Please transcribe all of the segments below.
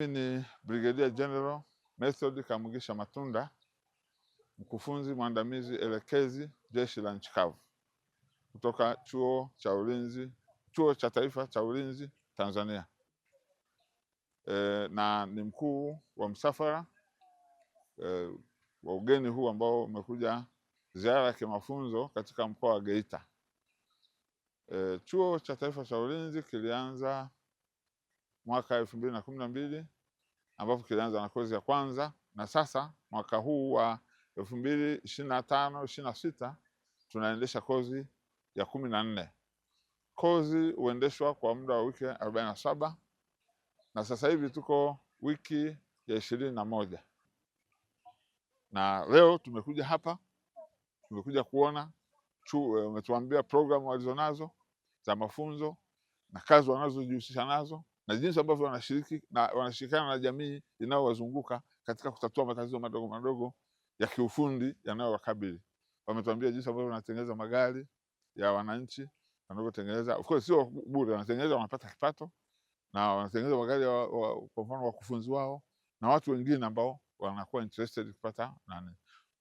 Mimi ni Brigadier General Method Kamugisha Matunda, mkufunzi mwandamizi elekezi Jeshi la Nchi Kavu kutoka Chuo cha Ulinzi, Chuo cha Taifa cha Ulinzi Tanzania. E, na ni mkuu wa msafara e, wa ugeni huu ambao umekuja ziara ya kimafunzo katika mkoa wa Geita. E, Chuo cha Taifa cha Ulinzi kilianza mwaka elfu mbili na kumi na mbili ambapo kilianza na kozi ya kwanza, na sasa mwaka huu wa elfu mbili ishirini na tano ishirini na sita tunaendesha kozi ya kumi na nne. Kozi huendeshwa kwa muda wa wiki arobaini na saba na sasa hivi tuko wiki ya ishirini na moja na leo tumekuja hapa, tumekuja kuona eh, umetuambia programu walizonazo za mafunzo na kazi wanazojihusisha nazo na jinsi ambavyo wanashiriki na wanashirikiana na jamii inayowazunguka katika kutatua matatizo madogo madogo ya kiufundi yanayowakabili. Wametuambia jinsi ambavyo wanatengeneza magari ya wananchi wanavyotengeneza, of course sio bure, wanatengeneza wanapata kipato, na wanatengeneza magari wa, wa, kwa mfano wakufunzi wao na watu wengine ambao wanakuwa interested kupata nani.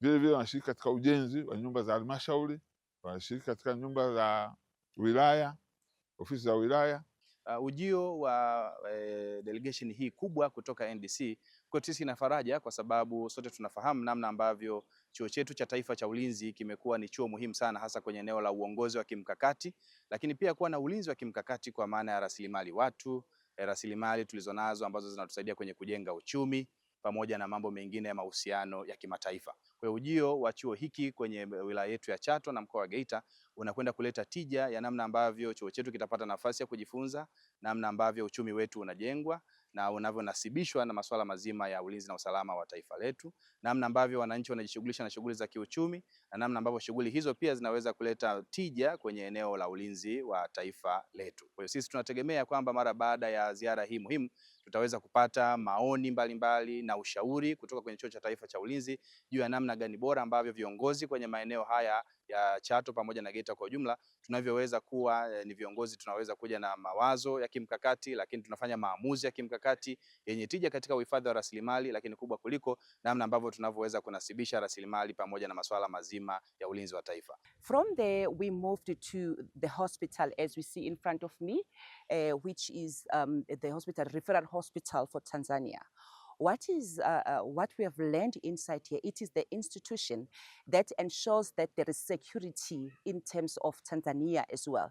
Vile vile wanashiriki katika ujenzi wa nyumba za halmashauri, wanashiriki katika nyumba za wilaya, ofisi za wilaya uh, ujio wa uh, delegation hii kubwa kutoka NDC kwetu sisi na faraja, kwa sababu sote tunafahamu namna ambavyo chuo chetu cha taifa cha ulinzi kimekuwa ni chuo muhimu sana, hasa kwenye eneo la uongozi wa kimkakati, lakini pia kuwa na ulinzi wa kimkakati kwa maana ya rasilimali watu, eh, rasilimali tulizonazo ambazo zinatusaidia kwenye kujenga uchumi pamoja na mambo mengine ya mahusiano ya kimataifa. Kwa hiyo ujio wa chuo hiki kwenye wilaya yetu ya Chato na mkoa wa Geita unakwenda kuleta tija ya namna ambavyo chuo chetu kitapata nafasi ya kujifunza, namna ambavyo uchumi wetu unajengwa na unavyonasibishwa na masuala mazima ya ulinzi na usalama wa taifa letu, namna ambavyo wananchi wanajishughulisha na shughuli za kiuchumi na namna ambavyo shughuli hizo pia zinaweza kuleta tija kwenye eneo la ulinzi wa taifa letu. Kwa hiyo sisi tunategemea kwamba mara baada ya ziara hii muhimu tutaweza kupata maoni mbalimbali mbali na ushauri kutoka kwenye Chuo cha Taifa cha Ulinzi juu ya namna gani bora ambavyo viongozi kwenye maeneo haya ya Chato pamoja na Geita kwa ujumla tunavyoweza kuwa eh, ni viongozi tunaweza kuja na mawazo ya kimkakati, lakini tunafanya maamuzi ya kimkakati yenye tija katika uhifadhi wa rasilimali, lakini kubwa kuliko namna ambavyo tunavyoweza kunasibisha rasilimali pamoja na masuala mazima ya ulinzi wa taifa. From there we moved to the hospital as we see in front of me uh, which is um, the hospital referral hospital for Tanzania. What is uh, uh, what we have learned inside here? It is the institution that ensures that there is security in terms of Tanzania as well,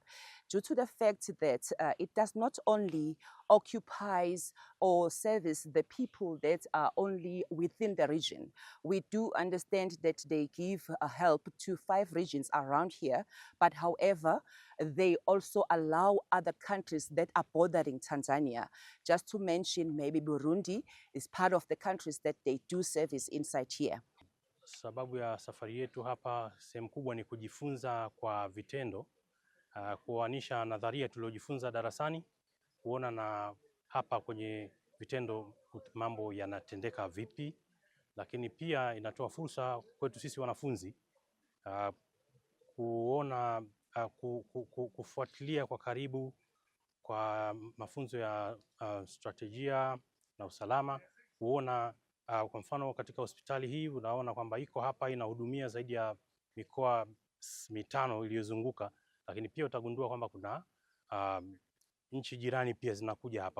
due to the fact that uh, it does not only occupies or service the people that are only within the region. We do understand that they give uh, help to five regions around here, but however, they also allow other countries that are bordering Tanzania. Just to mention, maybe Burundi is part of the countries that they do service inside here. Sababu ya safari yetu hapa sehemu kubwa ni kujifunza kwa vitendo, uh, kuanisha nadharia tuliyojifunza darasani kuona na hapa kwenye vitendo mambo yanatendeka vipi, lakini pia inatoa fursa kwetu sisi wanafunzi uh, kuona uh, kufuatilia kwa karibu kwa mafunzo ya uh, strategia na usalama kuona uh, kwa mfano katika hospitali hii unaona kwamba iko hapa inahudumia zaidi ya mikoa mitano iliyozunguka, lakini pia utagundua kwamba kuna um, nchi jirani pia zinakuja hapa.